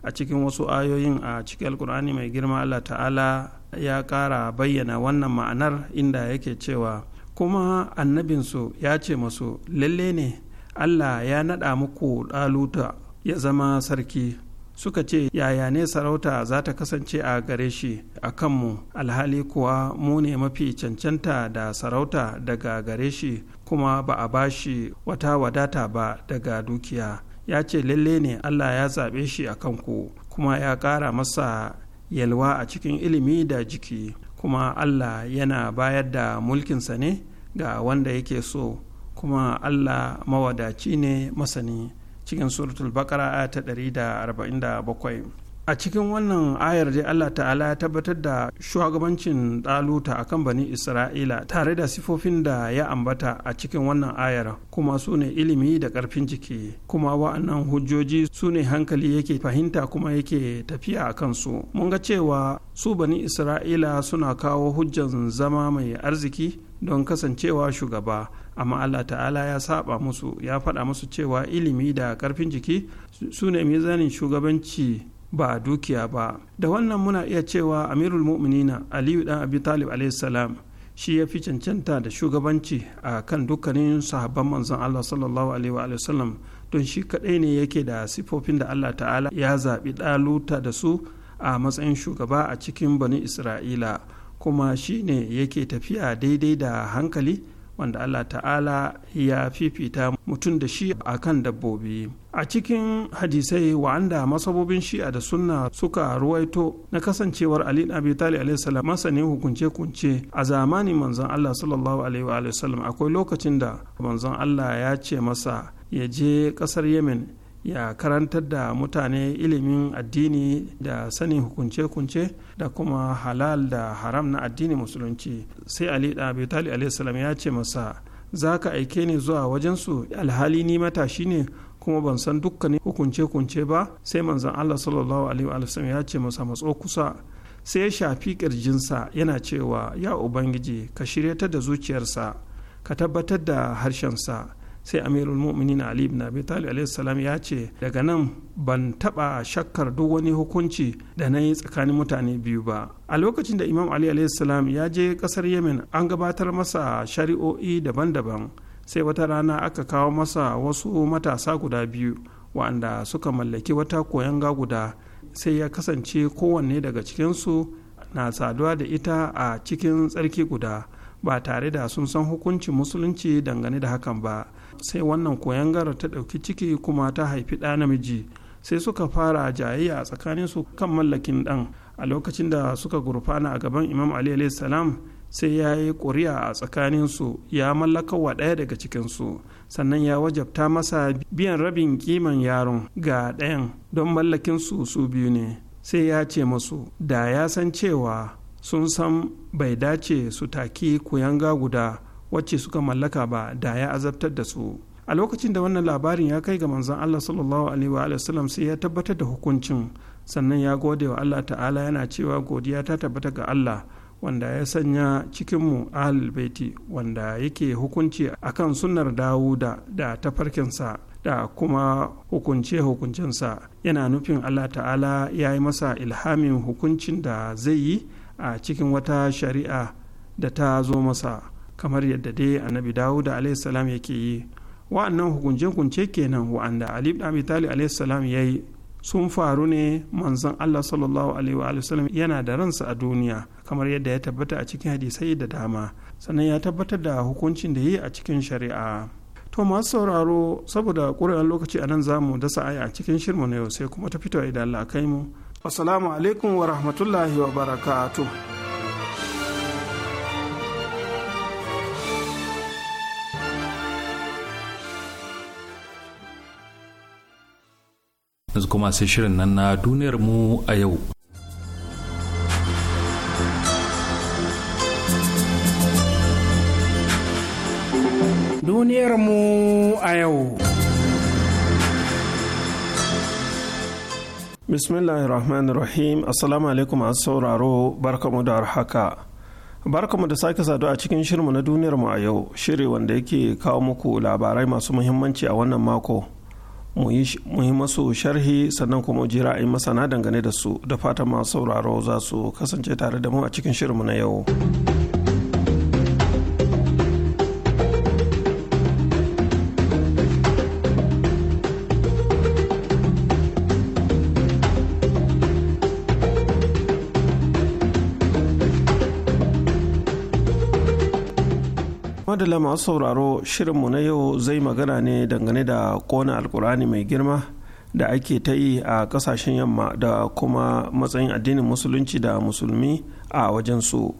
S5: a cikin wasu ayoyin a cikin alkur'ani mai girma allah ta'ala ya ƙara bayyana wannan ma'anar inda yake cewa kuma annabinsu ya ce masu lalle ne allah ya naɗa muku ɗaluta ya zama sarki suka ce yaya ne sarauta za ta kasance a gare shi a kanmu alhali kuwa mu ne mafi cancanta da sarauta daga gare shi kuma ba a ba shi wata wadata ba daga dukiya ya ce lalle ne allah ya zaɓe shi a kanku kuma ya ƙara masa yalwa a cikin ilimi da jiki kuma allah yana bayar da mulkinsa ne ga wanda yake so kuma allah mawadaci ne masani cikin suratul bakara aya ta 147 a cikin wannan ayar dai allah ta'ala ya tabbatar da shugabancin ɗaluta akan bani isra'ila tare da sifofin da ya ambata a cikin wannan ayar kuma su ne ilimi da karfin jiki kuma wa'annan hujjoji su ne hankali yake fahimta kuma yake tafiya a kansu mun ga cewa su bani isra'ila suna kawo hujjan zama mai arziki don kasancewa shugaba amma allah ta'ala ya saba musu ya faɗa musu cewa ilimi da ƙarfin jiki su ne mizanin shugabanci ba dukiya ba da wannan muna iya cewa amirul mu'minina aliyu dan abi talib salam shi ya fi cancanta da shugabanci a kan dukkanin sahabban manzon allah sallallahu alaihi wa don shi kaɗai ne yake da sifofin da allah ta'ala ya zaɓi ɗaluta da su a matsayin shugaba a cikin bani isra'ila kuma shi ne yake tafiya daidai da hankali wanda Allah ta'ala ya fifita mutum da shi a kan dabbobi. A cikin hadisai wa'anda masabobin shi'a da sunna suka ruwaito na kasancewar Ali Abi Talib salam masanin hukunce-kunce a zamani manzon Allah sallallahu alaihi wa sallam akwai lokacin da manzon Allah ya ce masa ya je kasar Yemen ya karantar da mutane ilimin addini da sanin hukunce-hukunce da kuma halal da haram na addini musulunci sai ali da abi alaihissalam ya ce masa za ka aike ni zuwa wajensu alhali ni matashi ne kuma ban san dukkanin hukunce-hukunce ba sai manzan allah sallallahu alaihi ya ce masa matso kusa sai ya shafi kirjinsa yana cewa ya ubangiji ka shirya ta da zuciyarsa ka tabbatar da harshensa sai amirul mu'minin ali ibn abi talib alayhi salam ya ce daga nan ban taba shakkar duk wani hukunci da na yi tsakanin mutane biyu ba a lokacin da imam ali alayhi salam ya je kasar yemen an gabatar masa shari'o'i daban-daban sai wata rana aka kawo masa wasu matasa guda biyu wa'anda suka mallaki wata ga guda sai ya kasance kowanne daga cikinsu na saduwa da ita a cikin tsarki guda ba tare da sun san hukuncin musulunci dangane da hakan ba sai wannan koyangar ta ɗauki ciki kuma ta haifi ɗa namiji sai suka fara jayayya a tsakanin su kan mallakin ɗan a lokacin da suka gurfana a gaban imam ali salam sai ya yi ƙuri'a a tsakanin su ya mallaka wa ɗaya daga cikin su sannan ya wajabta masa biyan rabin kiman yaron ga ɗayan don mallakinsu su biyu ne sai ya ce masu da ya san cewa sun san bai dace su taki kuyanga guda wacce suka mallaka ba da ya azabtar da su a lokacin da wannan labarin ya kai ga manzon Allah sallallahu alaihi wa sallam sai ya tabbatar da hukuncin sannan ya gode wa Allah ta'ala yana cewa godiya ta tabbata ga Allah wanda ya sanya cikinmu ahlul baiti wanda yake hukunci akan sunnar dawuda da ta tafarkinsa da kuma hukunce hukuncinsa yana nufin allah ta'ala ya yi masa ilhamin hukuncin da zai yi a cikin wata shari'a da ta zo masa kamar yadda dai annabi dawo da salam yake yi wa'annan hukunce-hukunce kenan wa'anda ali ibn abi talib yayi sun faru ne manzon Allah sallallahu alaihi wa sallam yana da ransa a duniya kamar yadda ya tabbata a cikin hadisai da dama sannan ya tabbatar da hukuncin da yi a cikin shari'a to masu sauraro saboda ƙuri'an lokaci a nan za mu dasa aya a cikin shirmu na yau sai kuma ta fito idan Allah kai mu assalamu alaikum wa rahmatullahi wa barakatuh
S1: yanzu kuma sai shirin nan na duniyar mu a yau
S3: duniyar mu a yau
S5: bismillahir rahmanir rahim assalamu alaikum a sauraro barkamu da haka barkamu da sake sadu a cikin shirmu na duniyar a yau shiri wanda yake kawo muku labarai masu muhimmanci a wannan mako mu yi masu sharhi sannan kuma a yi masana dangane da su da fatan masu sauraro za su kasance tare da mu a cikin shirinmu na yau. madalla masu sauraro shirinmu na yau zai magana ne dangane da kona alkur'ani mai girma da ake ta yi a kasashen yamma da kuma matsayin addinin musulunci da musulmi a wajen su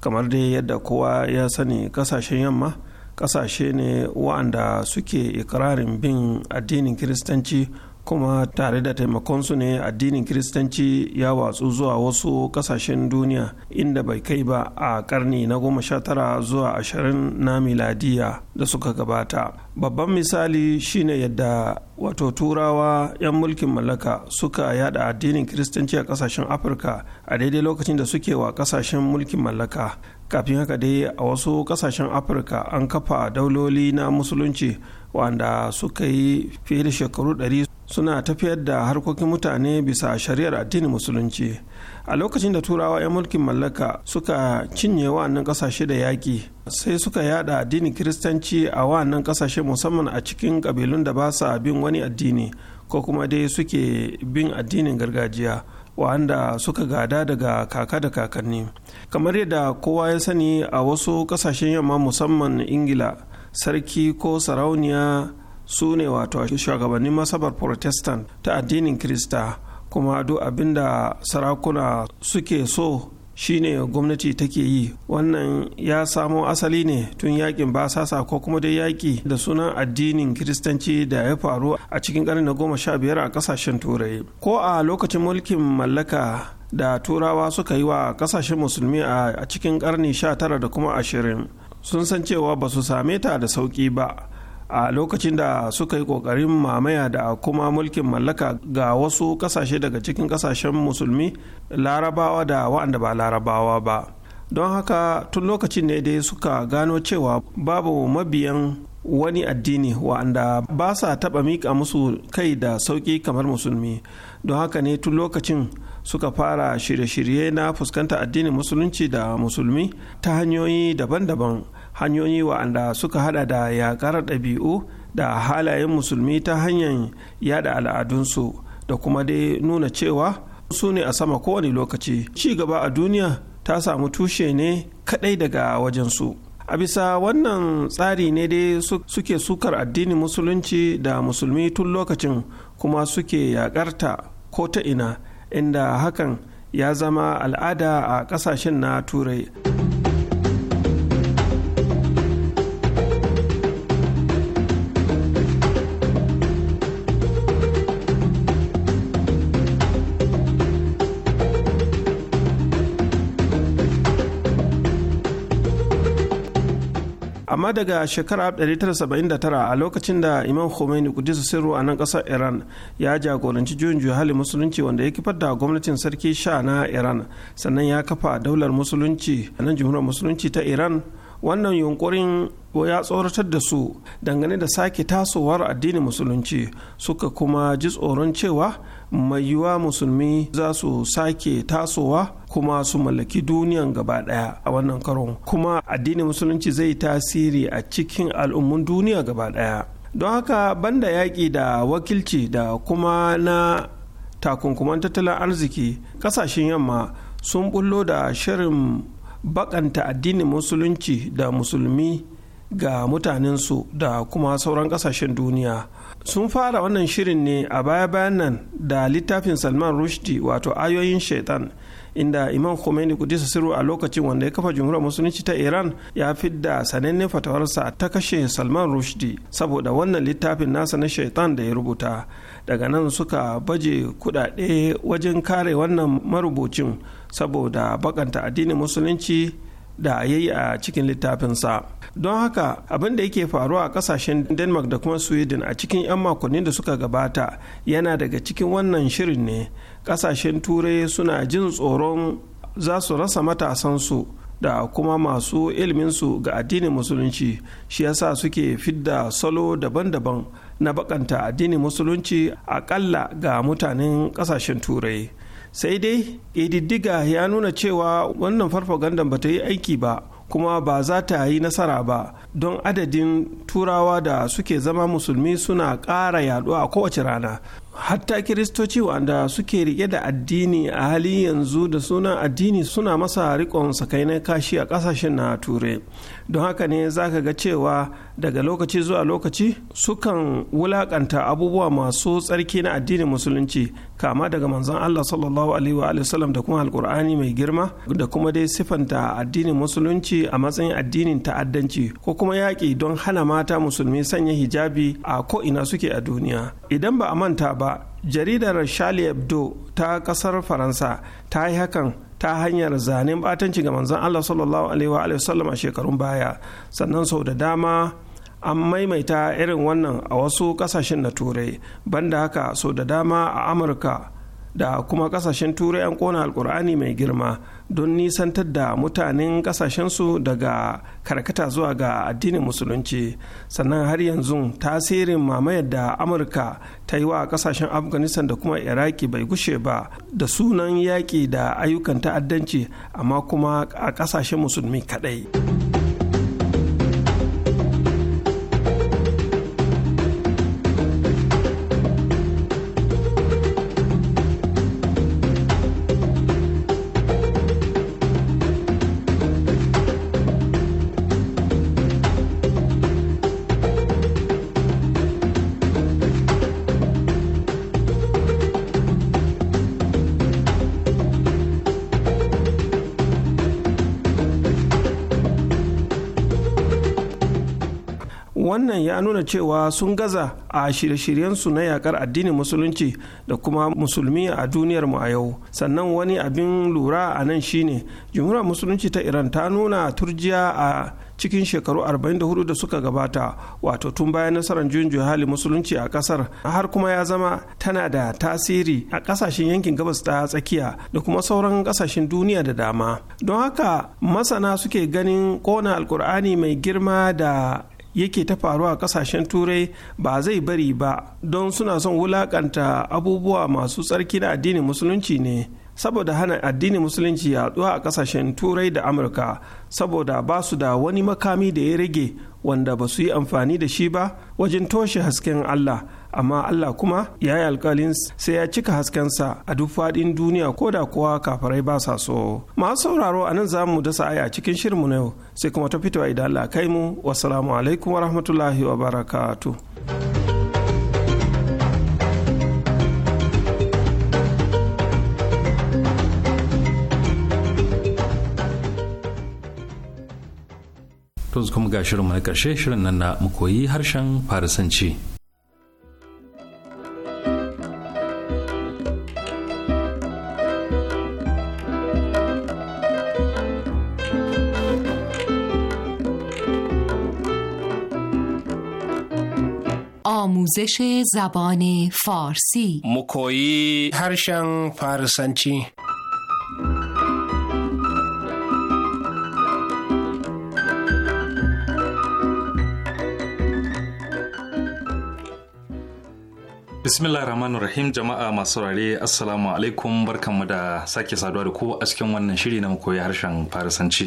S5: kamar dai yadda kowa ya sani kasashen yamma kasashe ne wa'anda suke ikirarin bin addinin kiristanci kuma tare da taimakonsu ne addinin kiristanci ya watsu zuwa wasu kasashen duniya inda bai kai ba a karni na goma sha tara zuwa ashirin na miladiya da suka gabata babban misali shine yadda wato turawa 'yan mulkin mallaka suka yada addinin kiristanci a kasashen afirka a daidai lokacin da suke wa kasashen mulkin mallaka kafin haka dai a wasu kasashen afirka an kafa dauloli na musulunci wanda suka yi fiye da shekaru ɗari suna tafiyar da harkokin mutane bisa shari'ar addinin musulunci a lokacin da turawa 'yan mulkin mallaka suka cinye wa'annan kasashe da yaƙi sai suka yada addinin kiristanci a wa'annan kasashe musamman a cikin ƙabilun da ba sa bin wani addini ko kuma dai suke bin addinin gargajiya wa'anda suka gada daga kaka da kakanni kamar yadda kowa ya sani a wasu kasashen yamma musamman ingila sarki ko sarauniya su ne wato shugabannin masabar protestant ta addinin krista kuma duk abin da sarakuna suke so shine gwamnati take yi wannan ya samo asali ne tun yakin basasa ko kuma dai yaki da sunan addinin kiristanci da ya faru a cikin karni na goma sha biyar a kasashen turai ko a lokacin mulkin mallaka da turawa suka yi wa kasashen musulmi a cikin karni sha tara da kuma ashirin sun san cewa ba su same ta da sauki ba a lokacin da suka yi kokarin mamaya da kuma mulkin mallaka ga wasu kasashe daga cikin kasashen musulmi larabawa da waɗanda ba larabawa ba don haka tun lokacin ne dai suka gano cewa babu mabiyan wani addini wa'anda ba sa taɓa miƙa musu kai da sauƙi kamar musulmi don haka ne tun lokacin suka fara shirye-shirye na fuskanta addinin musulunci da musulmi ta hanyoyi daban-daban hanyoyi wa'anda suka hada da yaƙar ɗabi'u da halayen musulmi ta hanyar yada al'adunsu da kuma dai nuna cewa su ne a sama kowane lokaci ci gaba a duniya ta samu tushe ne kaɗai daga wajensu a bisa wannan tsari ne dai suke sukar addinin musulunci da musulmi tun lokacin kuma suke yaƙarta ko ta ina inda hakan ya zama al'ada a ƙasashen na turai. amma daga shekarar 1979 a lokacin da imam khomeini kudisu sirru a nan kasar iran ya jagoranci juyin juya hali musulunci wanda ya kifar da gwamnatin sarki sha na iran sannan ya kafa daular musulunci a nan jihunar musulunci ta iran wannan yunkurin ya tsoratar da su dangane da sake tasowar addinin musulunci suka kuma ji tsoron cewa mai yiwuwa musulmi za su sake tasowa kuma su mallaki duniyan gaba daya a wannan karon kuma addinin musulunci zai tasiri a cikin al'ummun duniya gaba daya don haka banda yaƙi da wakilci da kuma na takunkuman tattalin arziki ƙasashen yamma sun bullo da shirin bakanta addinin musulunci da musulmi ga mutanensu da kuma sauran kasashen duniya sun fara wannan shirin ne a baya bayan nan da littafin salman rushdie wato ayoyin shaitan inda imam khomeini ku disa sirru a lokacin wanda ya kafa jumhuriyar musulunci ta iran ya fidda sanannen fatawarsa ta kashe salman rushdi saboda wannan littafin nasa na shaitan da ya rubuta daga nan suka baje kudade wajen kare wannan marubucin saboda bakanta addinin musulunci da a yi a cikin littafinsa don haka abin da yake faruwa a kasashen denmark da kuma sweden a cikin 'yan makonnin da suka gabata yana daga cikin wannan shirin ne kasashen turai suna jin tsoron za su rasa matasansu da kuma masu iliminsu ga addinin musulunci shi yasa suke fidda salo daban-daban na bakanta addinin musulunci akalla ga mutanen kasashen turai sai dai ƙididdiga ya nuna cewa wannan farfagandan ba ta yi aiki ba kuma ba za ta yi nasara ba don adadin turawa da suke zama musulmi suna ƙara yaduwa a kowace rana hatta kiristoci wanda suke rike da addini a hali yanzu da sunan addini suna masa rikon sakai kashi a ƙasashen na turai don haka ne za ka ga cewa daga lokaci zuwa lokaci sukan wulakanta abubuwa masu tsarki na addinin musulunci kama daga manzon Allah sallallahu alaihi wa sallam da kuma alkur'ani mai girma da kuma dai sifanta addinin musulunci a matsayin addinin ta'addanci ko kuma yaƙi don hana mata musulmi sanya hijabi a ko'ina suke a duniya idan ba a manta ba jaridar Charlie Hebdo ta ƙasar Faransa ta yi hakan ta hanyar zanen batanci ga manzon Allah sallallahu alaihi wa sallam a shekarun baya sannan sau da dama an maimaita irin wannan a wasu kasashen na turai banda haka so da dama a amurka da kuma kasashen turai an kona alkur'ani mai girma don nisantar da mutanen kasashensu daga karkata zuwa ga addinin musulunci sannan har yanzu tasirin mamayar da amurka ta yi wa kasashen afghanistan da kuma iraki bai gushe ba da sunan yaƙi da ayyukan ta'addanci amma kuma a kasashen musulmi kaɗai. wannan ya nuna cewa sun gaza a shirye-shiryensu na yakar addinin musulunci da kuma musulmi a duniyar mu a yau sannan wani abin lura a nan shine jumhuriyar musulunci ta iran ta nuna turjiya a cikin shekaru 44 da suka gabata wato tun bayan nasarar juyin hali musulunci a kasar har kuma ya zama tana da tasiri a kasashen yankin gabas ta tsakiya da kuma sauran kasashen duniya da dama don haka masana suke ganin kona alkur'ani mai girma da yake ta faruwa a kasashen turai ba zai bari ba don suna son wulakanta abubuwa masu tsarki na addinin musulunci ne saboda hana addinin musulunci yaduwa a kasashen turai da amurka saboda ba su da wani makami da ya rage wanda ba su yi amfani da shi ba wajen toshe hasken allah amma Allah kuma ya yi alkalin sai ya cika haskensa a duk faɗin duniya ko da kowa kafarai ba sa so. Masu sauraro a nan za mu dasa aya cikin shirinmu na yau sai kuma ta fitowa idan Allah kai mu. Wassalamu alaikum wa rahmatullahi wa barakatu.
S1: To kuma ga shirinmu na karshe shirin nan na mu koyi harshen Farisanci.
S6: آموزش زبان فارسی
S3: مکویی harshen فارسنچی
S1: bismillah rahman rahim jama'a masu rare assalamu alaikum barkanmu da sake saduwa da ku a cikin wannan shiri na koyi harshen farisanci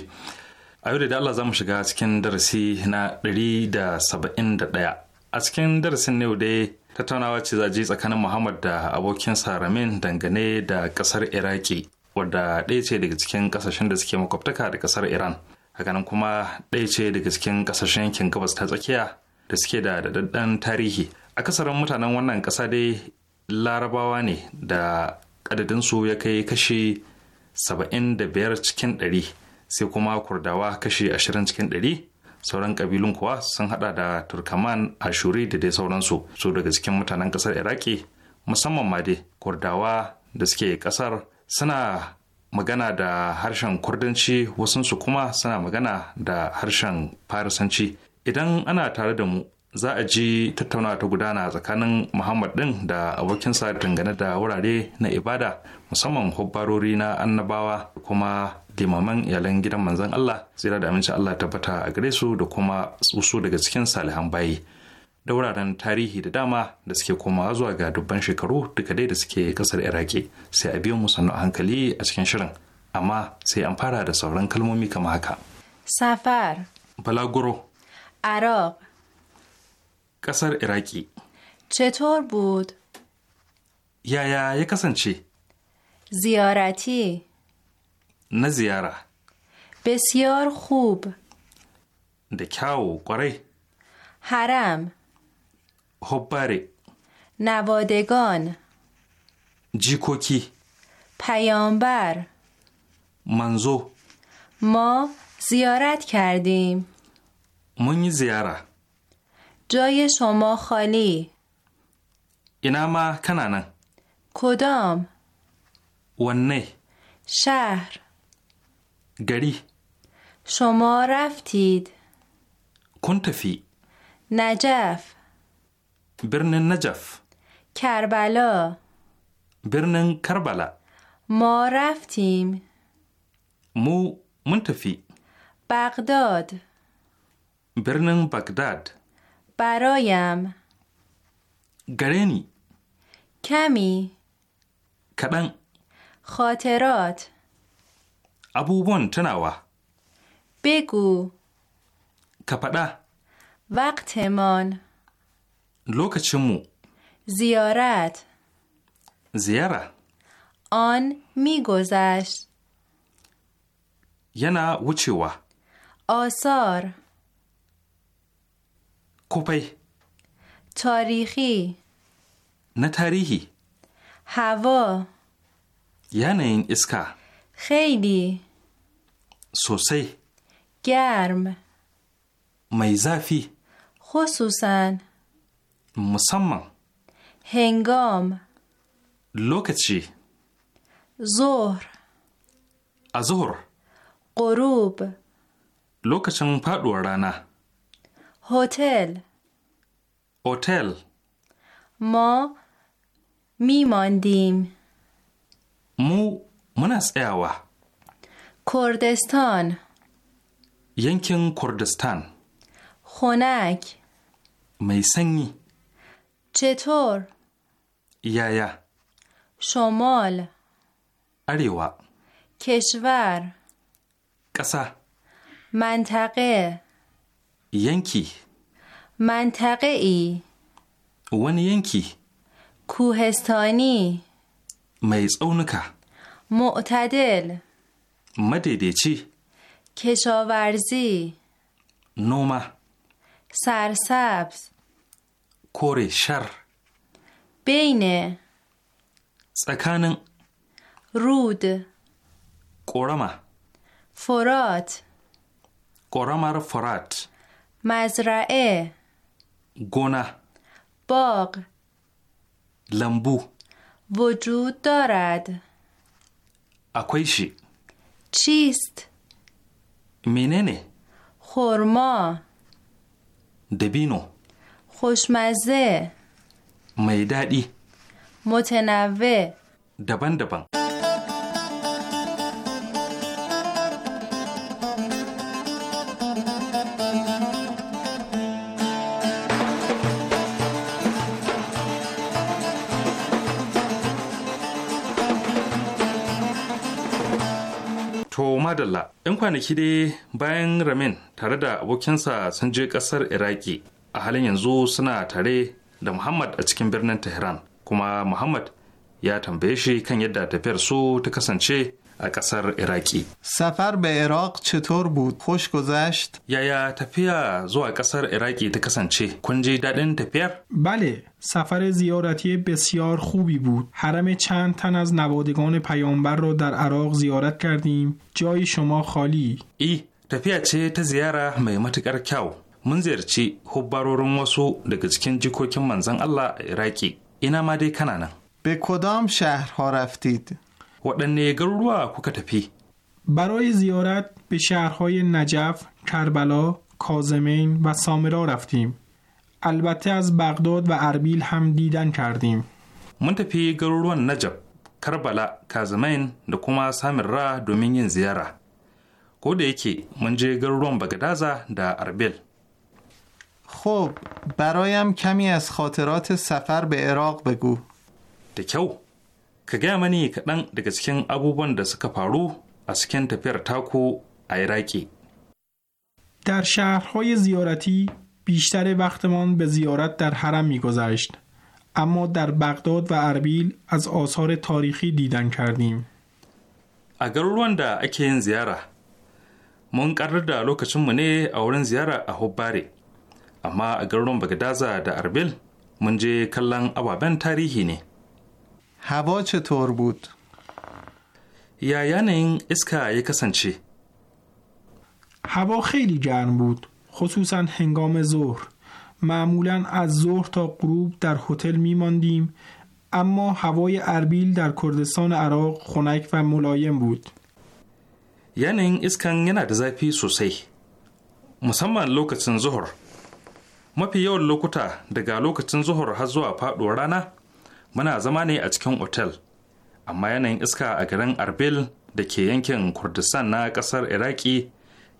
S1: a yau da Allah za mu shiga cikin darasi na 171 a cikin darasin ne dai tattaunawa ce zaje tsakanin muhammad da abokin ramin dangane da kasar iraki wadda ɗaya ce daga cikin kasashen da suke makwabtaka da kasar iran hakanan kuma ɗaya ce daga cikin kasashen yankin gabas ta tsakiya da suke da daɗaɗɗen tarihi akasarin mutanen wannan ƙasa dai larabawa ne da adadinsu ya kai kashi 75 cikin 100 sai kuma kurdawa kashi 20 cikin ɗari. sauran kabilun kuwa sun hada da turkaman ashuri da dai sauransu su daga cikin mutanen kasar iraki musamman ma dai kurdawa da suke kasar suna magana da harshen kurdanci wasunsu kuma suna magana da harshen farisanci idan ana tare da mu za a ji tattaunawa ta gudana tsakanin muhammad din da abokinsa dangane da wurare na ibada musamman hubbarori na annabawa kuma limaman iyalan gidan manzon allah tsira da aminci allah tabbata a gare su da kuma tsusu daga cikin salihan bayi da wuraren tarihi da dama da suke koma zuwa ga dubban shekaru duka dai da suke kasar iraki sai a biyo mu a hankali a cikin shirin amma sai an fara da sauran kalmomi kamar haka
S6: safar
S1: balaguro arab قصر عراقی
S6: چطور بود؟
S1: یا یا چی؟
S6: زیارتی
S1: نه زیاره
S6: بسیار خوب
S1: دکاو قره
S6: حرم
S1: حباره
S6: نوادگان
S1: جیکوکی
S6: پیامبر
S1: منزو
S6: ما زیارت کردیم
S1: منی زیاره
S6: جای شما خالی اینا ما کدام ونه شهر گری شما رفتید
S1: کنت فی
S6: نجف
S1: برن نجف
S6: کربلا
S1: برن کربلا
S6: ما رفتیم
S1: مو منتفی
S6: بغداد
S1: برن بغداد
S6: برایم گرنی Kami. Kaɗan. خاطرات
S1: abubuwan tunawa. Begu. Ka faɗa.
S6: Vaktemon. Lokacinmu. Ziyarat. Ziyara. On migozash.
S1: Yana wucewa.
S6: Osor. کوپی تاریخی
S1: نه تاریخی
S6: هوا
S1: یعنی این اسکا
S6: خیلی
S1: سوسی
S6: گرم
S1: میزافی
S6: خصوصا
S1: مسمم
S6: هنگام
S1: لوکچی ظهر ازور
S6: غروب
S1: لوکچن فادوار رانه
S6: هتل هتل ما میماندیم
S1: مو من از ایوا
S6: کردستان
S1: ینکن کردستان
S6: خونک
S1: میسنگی
S6: چطور یا یا شمال اریوا کشور قصه منطقه ینکی منطقه ای
S1: ونی ینکی
S6: کوهستانی
S1: می تسونکا
S6: معتدل
S1: مدیدیچی
S6: کشاورزی نوما سرسبز
S1: کره شر
S6: بین
S1: سکانن
S6: رود قرما فرات
S1: قرما فرات
S6: مزرعه گونه باغ لمبو وجود دارد اکویشی چیست؟
S1: میننه
S6: خورما دبینو خوشمزه
S1: میدادی
S6: متنوع
S1: دبن دبن 'yan kwanaki dai bayan ramin tare da abokinsa sun je kasar iraki a halin yanzu suna tare da muhammad a cikin birnin tehran kuma muhammad ya tambaye shi kan yadda tafiyar su ta kasance سفر عراقی
S7: به عراق چطور بود؟ خوش گذشت؟
S1: یا تپیا زو قصر عراقی دکسن چی؟ kun دادن تپیا؟
S7: بله سفر زیارتی بسیار خوبی بود حرم چند تن از نوادگان پیامبر را در عراق زیارت کردیم جای شما خالی
S1: ای تفیه چه ته زیاره می متقر کیو mun ziyarci hubbarorin wasu daga cikin jikokin manzon الله a Iraki ina ma dai kana nan. Be kodam waɗanne garuruwa
S7: برای زیارت به شهرهای نجف، کربلا، کازمین و سامرا رفتیم. البته از بغداد و اربیل هم دیدن کردیم.
S1: من تفی گروروان نجف، کربلا، کازمین da kuma سامرا دومین yin ziyara. Ko da yake mun je garuruwan Bagadaza خب برایم کمی از خاطرات سفر به عراق بگو. da ka gaya mani kaɗan daga cikin abubuwan da suka faru a cikin tafiyar taku a iraki
S7: در شهرهای زیارتی بیشتر وقتمان به زیارت در حرم میگذشت اما در بغداد و اربیل از آثار تاریخی دیدن کردیم
S1: a garuruwan da ake yin ziyara mun karar da lokacinmu ne a wurin ziyara a hobbare amma a garuruwan bagdaza da arbil mun je kallon ababen tarihi ne هوا چطور بود؟ یا یعنی این اسکا یک چی؟
S7: هوا خیلی گرم بود خصوصا هنگام ظهر معمولا از ظهر تا غروب در هتل میماندیم اما هوای اربیل در کردستان عراق خنک و ملایم بود
S1: یعنی این اسکن یه نده سوسی لوکتن ظهر ما پی لوکتا لوکتا lokacin ظهر har هزو اپا muna zama ne a cikin otel amma yanayin iska a garin arbil da ke yankin kurdistan na kasar iraki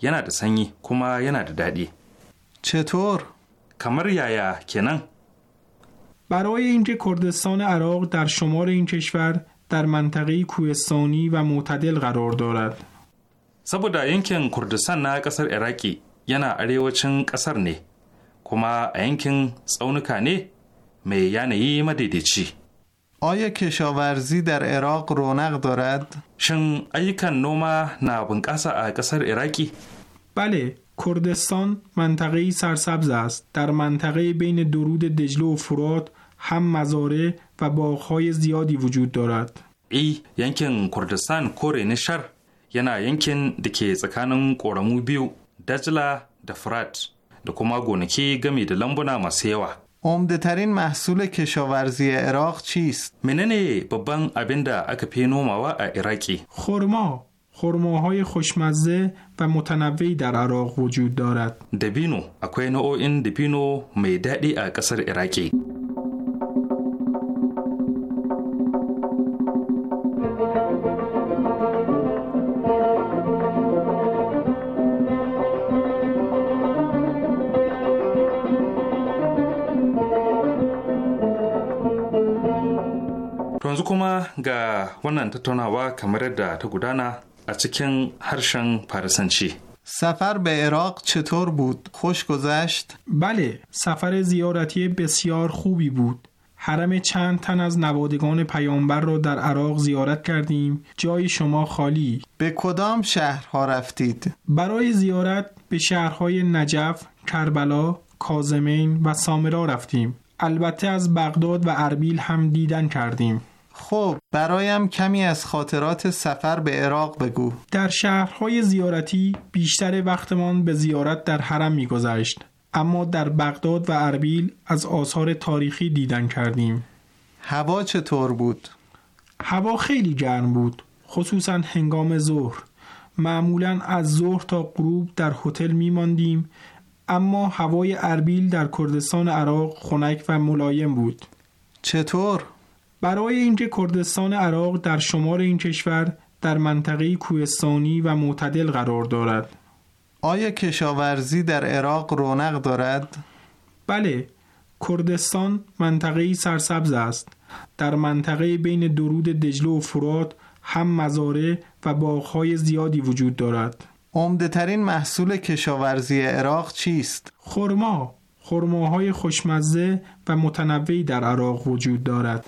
S1: yana da sanyi kuma yana da daɗi چطور؟ kamar yaya kenan
S7: برای اینکه کردستان عراق در شمال این کشور در منطقه کوهستانی و معتدل قرار
S1: دارد saboda yankin kurdistan na kasar iraki yana arewacin kasar ne kuma a yankin tsaunuka ne mai yanayi madaidaici
S7: آیا کشاورزی در عراق رونق دارد؟ شن ایکن
S1: نوما نابنکاسا اکسر عراقی؟
S7: بله کردستان منطقه سرسبز است در منطقه بین درود دجله و فرات هم مزارع و باغهای زیادی وجود دارد
S1: ای ینکن کردستان کره نشر ینا ینکن دکه زکانم کورمو بیو دجله دفرات، دکمه da kuma gonaki game da عمده ترین محصول
S7: کشاورزی
S1: عراق چیست؟ مننه بابان ابندا پینو موا عراقی خورما
S7: خرماهای خوشمزه و متنوعی در عراق وجود دارد.
S1: دبینو اکوینو این دبینو میدادی اکسر عراقی. yanzu kuma ga wannan tattaunawa kamar yadda ta gudana a cikin harshen farisanci
S7: سفر به عراق چطور بود؟ خوش گذشت؟ بله، سفر زیارتی بسیار خوبی بود. حرم چند تن از نوادگان پیامبر را در عراق زیارت کردیم جای شما خالی به کدام شهرها رفتید؟ برای زیارت به شهرهای نجف، کربلا، کازمین و سامرا رفتیم البته از بغداد و اربیل هم دیدن کردیم خب برایم کمی از خاطرات سفر به عراق بگو در شهرهای زیارتی بیشتر وقتمان به زیارت در حرم میگذشت اما در بغداد و اربیل از آثار تاریخی دیدن کردیم هوا چطور بود؟ هوا خیلی گرم بود خصوصا هنگام ظهر معمولا از ظهر تا غروب در هتل می اما هوای اربیل در کردستان عراق خنک و ملایم بود چطور برای اینکه کردستان عراق در شمار این کشور در منطقه کوهستانی و معتدل قرار دارد آیا کشاورزی در عراق رونق دارد؟ بله کردستان منطقه سرسبز است در منطقه بین درود دجله و فرات هم مزاره و باغهای زیادی وجود دارد عمدهترین محصول کشاورزی عراق چیست؟ خرما خرماهای خوشمزه و متنوعی در عراق وجود دارد.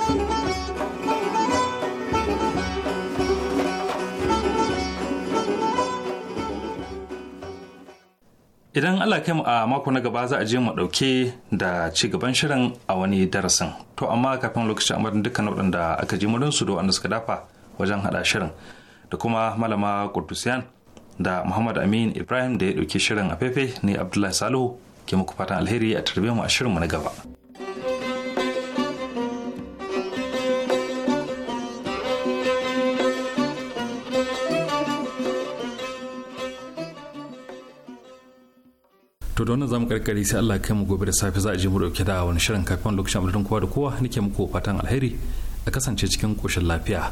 S1: idan Allah kai a mako na gaba za a je mu dauke da ci gaban shirin a wani darasin to amma kafin lokacin amarin dukkan waɗanda aka ji murin su da suka dafa wajen hada shirin da kuma malama Qudusiyan da Muhammad Amin Ibrahim da ya dauke shirin a fefe ne Abdullahi Salihu ke muku fatan alheri a tarbe mu a shirin mu na gaba. to don zamu karkare sai Allah kai mu gobe da safe za a je mu dauke da wani shirin kafin lokacin abudin kowa da kowa nake muku fatan alheri a kasance cikin koshin lafiya